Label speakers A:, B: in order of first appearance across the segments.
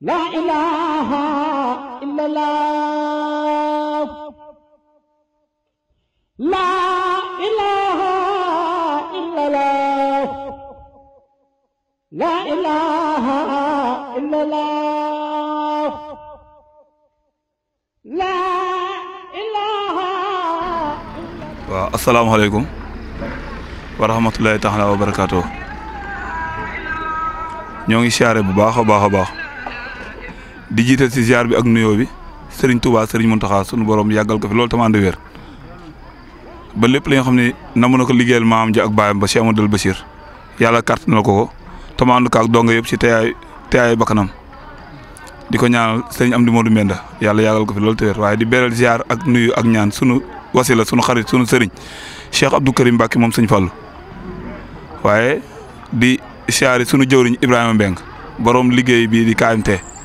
A: la ilaha illallah la ilaha illallah la ilaha illallah la ilaha illallah waaw asalaamaaleykum wa rahmatulahi taala wa barakaatu ñoo ngi siyaare bu baax a baax a baax di jiital si ziar bi ak nuyoo bi sëriñ Serigne Touba Serigne Mountakha sunu borom yàggal ko fi loolu tam ànd wér ba lépp li nga xam ne mun na ko liggéeyal maam ji ak baayam ba Cheikh Amadou Bachir yàlla kàrt na ko ko tam ànd ko ak donga yëpp si teyaay teyaay bakkanam di ko ñaanal di moo Modou Mbenda yàlla yàggal ko fi loolu te wér waaye di beral ziar ak nuyu ak ñaan sunu wasila sunu xarit sunu sëriñ Cheikh Abdou Karim Mbacke moom Serigne Fallou waaye di sunu jëwriñ Ibrahima Mbeng borom liggéey bii di KMT.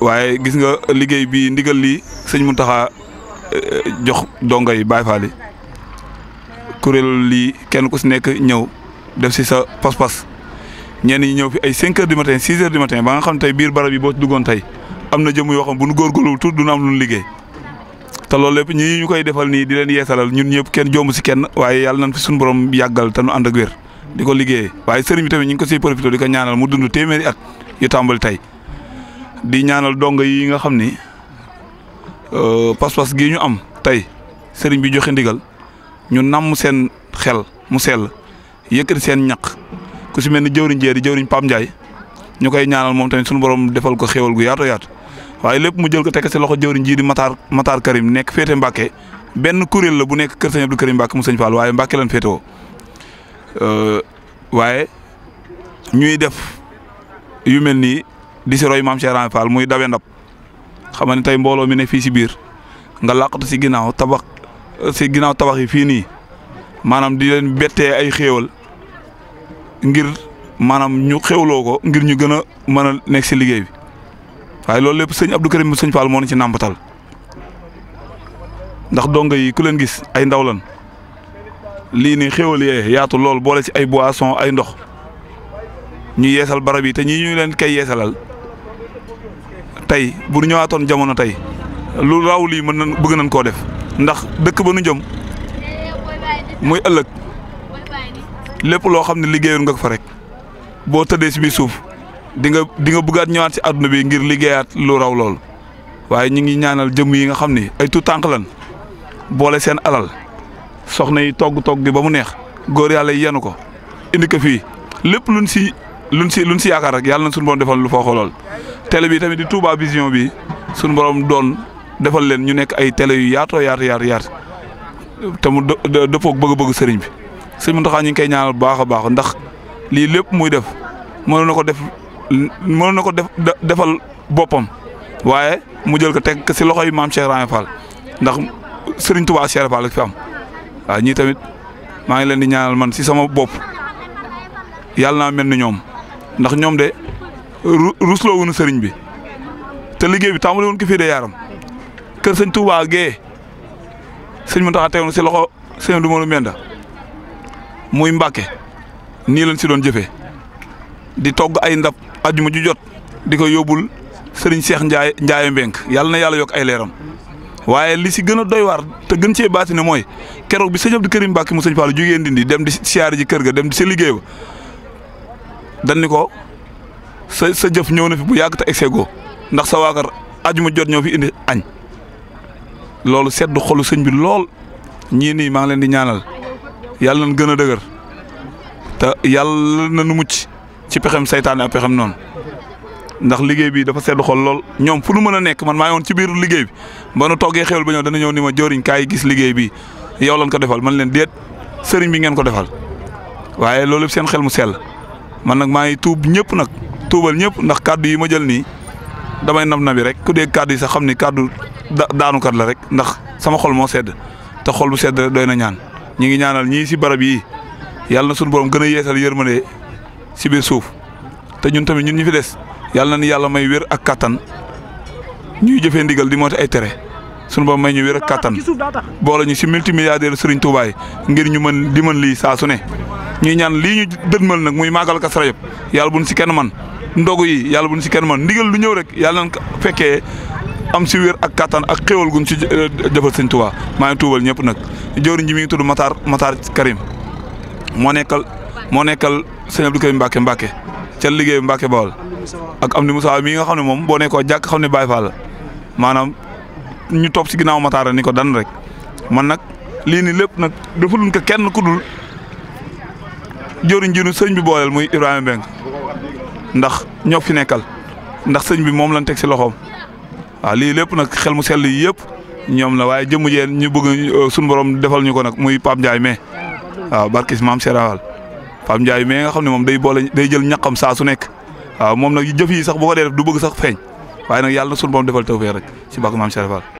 A: waaye gis nga liggéey bi ndigal lii sëñ taxa eh, jox dongo yi Baay Faal yi kuréel lii kenn ku si nekk ñëw def si sa pas-pas ñenn ñi ñëw fi ay 5 heures du matin 6 heures du matin ba nga xam tey biir barab yi boo ci duggoon tey am na jëmm yoo xam bu nu góorgóorlu tuut du nu am lu liggéey te loolu lépp ñi ñu koy defal nii di leen yeesalal ñun ñëpp kenn jomb si kenn waaye yàlla nañ fi suñu borom yàggal te nu ànd ak wér di ko liggéeyee waaye sëriñ tamit ñu ngi ko siy profité di ko ñaanal mu dund téeméeri at yu tàmbali tey di ñaanal dong yi nga xam ni euh, pas-pas gii ñu am tey sëriñ bi joxe ndigal ñu namm seen xel mu sell yëkkati seen ñaq ku si mel ni jëwriñ jeeri jëwriñ Pam Ndiaye ñu koy ñaanal moom tamit suñu borom defal ko xéwal gu yaatu yaatu waaye lépp mu jël ko teg seen loxo jëwriñ jii di Matar Matar nekk féete Mbacke benn kuréel la bu nekk kër sëñ Abdou Karim Mbacke mu sëñ Fall waaye Mbacke lan féete woo euh, waaye ñuy def yu mel nii di si roy maam Cheikh Ibra muy dawe ndab xam nga tey mbooloo mi ne fii si biir nga làqatu si ginnaaw tabax si ginaaw tabax yi fii nii maanaam di leen bettee ay xéewal ngir maanaam ñu xewloo ko ngir ñu gën a mën a nekk si liggéey bi waaye loolu lépp sëñ Abdou Karim sëñ Fall moo na ci nàmbatal ndax dongo yi ku leen gis ay ndaw lan lii ni xéwal yee yaatu lool boole si ay boisson ay ndox ñu yeesal barab yi te ñii ñu leen kay yeesalal tey bu ñëwaatoon jamono tey lu raw lii mën nañ bëgg nañ koo def ndax dëkk ba nu jëm muy ëllëg lépp loo xam ne liggéeyoon nga ko fa rek boo tëddee si biir suuf di nga di nga bëggaat ñëwaat si àdduna bi ngir liggéeyaat lu raw lool. waaye ñu ngi ñaanal jëm yi nga xam ni ay tu tànk lan boole seen alal soxna yi togg togg bi ba mu neex góor yàlla yi yenu ko indi ko fii lépp luñ si luñ si luñ si yaakaar rek yàlla na suñu boon defal lu fooxo lool. télé bi tamit di Touba Vision bi suñu borom doon defal leen ñu nekk ay télé yu yaatoo yaatu yaatu yaatu te mu dëppoog bëgg-bëgg sëriñ bi sëriñ Mountakha ñu ngi koy ñaanal baax a baax ndax lii lépp muy def mënoon na ko def mënoon na ko def defal boppam waaye mu jël ko teg si loxo yi maam Cheikh Rahane Fall ndax sëriñ Touba Cheikh Fall la fi ñii tamit maa ngi leen di ñaanal man si sama bopp yàlla naa mel ni ñoom ndax ñoom de. rusloo wuñu sëriñ bi te liggéey bi tàmbali woon ko fii de yaaram kër sëñ Touba Guèye sëñ Mountakha teewoon si loxo sëñ du Mawla Mbenda muy Mbàkke nii lañ si doon jëfee di togg ay ndab ajuma ju jot di ko yóbbul sëriñ Cheikh njaaye Ndiaye Mbenk yàlla na yàlla yokk ay leeram waaye li si gën a doy waar te gën cee baati ne mooy keroog bi sëñ Abdou Karim Mbàkke mu sëñ Fallou jugee Ndindi dem di siyaare ji kër ga dem di sa liggéey ba dañ ko. sa sa jëf ñëw na fi bu yàgg te egsego ndax sa waakar ajuma jot ñoo fi indi añ loolu sedd xolu sëñ bi lool ñii nii maa ngi leen di ñaanal yàlla nañ gën a dëgër te yàlla na nu mucc ci pexem saytaane ak pexem noonu ndax liggéey bi dafa sedd xol lool ñoom fu nu mën a nekk man maa woon ci biir liggéey bi ba nu toggee xewal ba ñëw dana ñëw ni ma joriñ kaay gis liggéey bi yow lan ko defal man leen déet sëriñ bi ngeen ko defal waaye loolu yëpp seen xel mu sell man nag maa ngi tuub ñëpp nag tuubal ñëpp ndax kàddu yi ma jël nii damay nam na bi rek ku dégg kàddu yi sax xam ni kàddu daanukat la rek ndax sama xol moo sedd te xol bu sedd rek doy na ñaan ñi ngi ñaanal ñii si barab yi yàlla na suñu borom gën a yeesal yërmande si biir suuf te ñun tamit ñun ñu fi des yàlla na ni yàlla may wér ak kattan ñuy jëfee ndigal di moytu ay tere sunu borom may ñu wér ak kattan boole ñu si multimilliardaire Serigne Touba yi ngir ñu mën di mën lii saa su ne ñuy ñaan lii ñu nag muy màggal Kazu Rajab yàlla buñ si kenn man ndogu yi yàlla buñ si kenn man ndigal lu ñëw rek yàlla nañ fekkee am si wér ak kattan ak xéwal gun si jëfal euh, sëñ Tuubaa maa ngi tuubal ñëpp nag jëwriñ ji mi ngi tudd Matar moo nekkal moo nekkal sëñ Abdou Karim Mbacke Mbacke ca liggéey Mbacke am di Moussa mii nga xam ne moom boo nekkoo jàkk xam ne Baay maanaam ñu topp si ginnaaw Matar ni ko dan rek man nag lii lépp nag defaluñ ko kenn ku dul jëwriñ ji nu sëñ bi booleel muy Ibrahima Mbengue ndax ñoo fi nekkal ndax sëñ bi moom lañ teg si loxoom waaw lii lépp nag xel mu sell yii yëpp ñoom la waaye jëmm jeen ñu bëgg euh, suñu borom defal ñu ko nag muy Pape Ndiaye mais waaw barkis maam Serafal Pape Ndiaye mais nga xam ne moom day boole day jël ñaqam saa su nekk waaw moom nag jëf yi sax bu dee def du bëgg sax feeñ waaye nag yàlla na suñu borom defal tawfeex rek si bàkk maam Serafal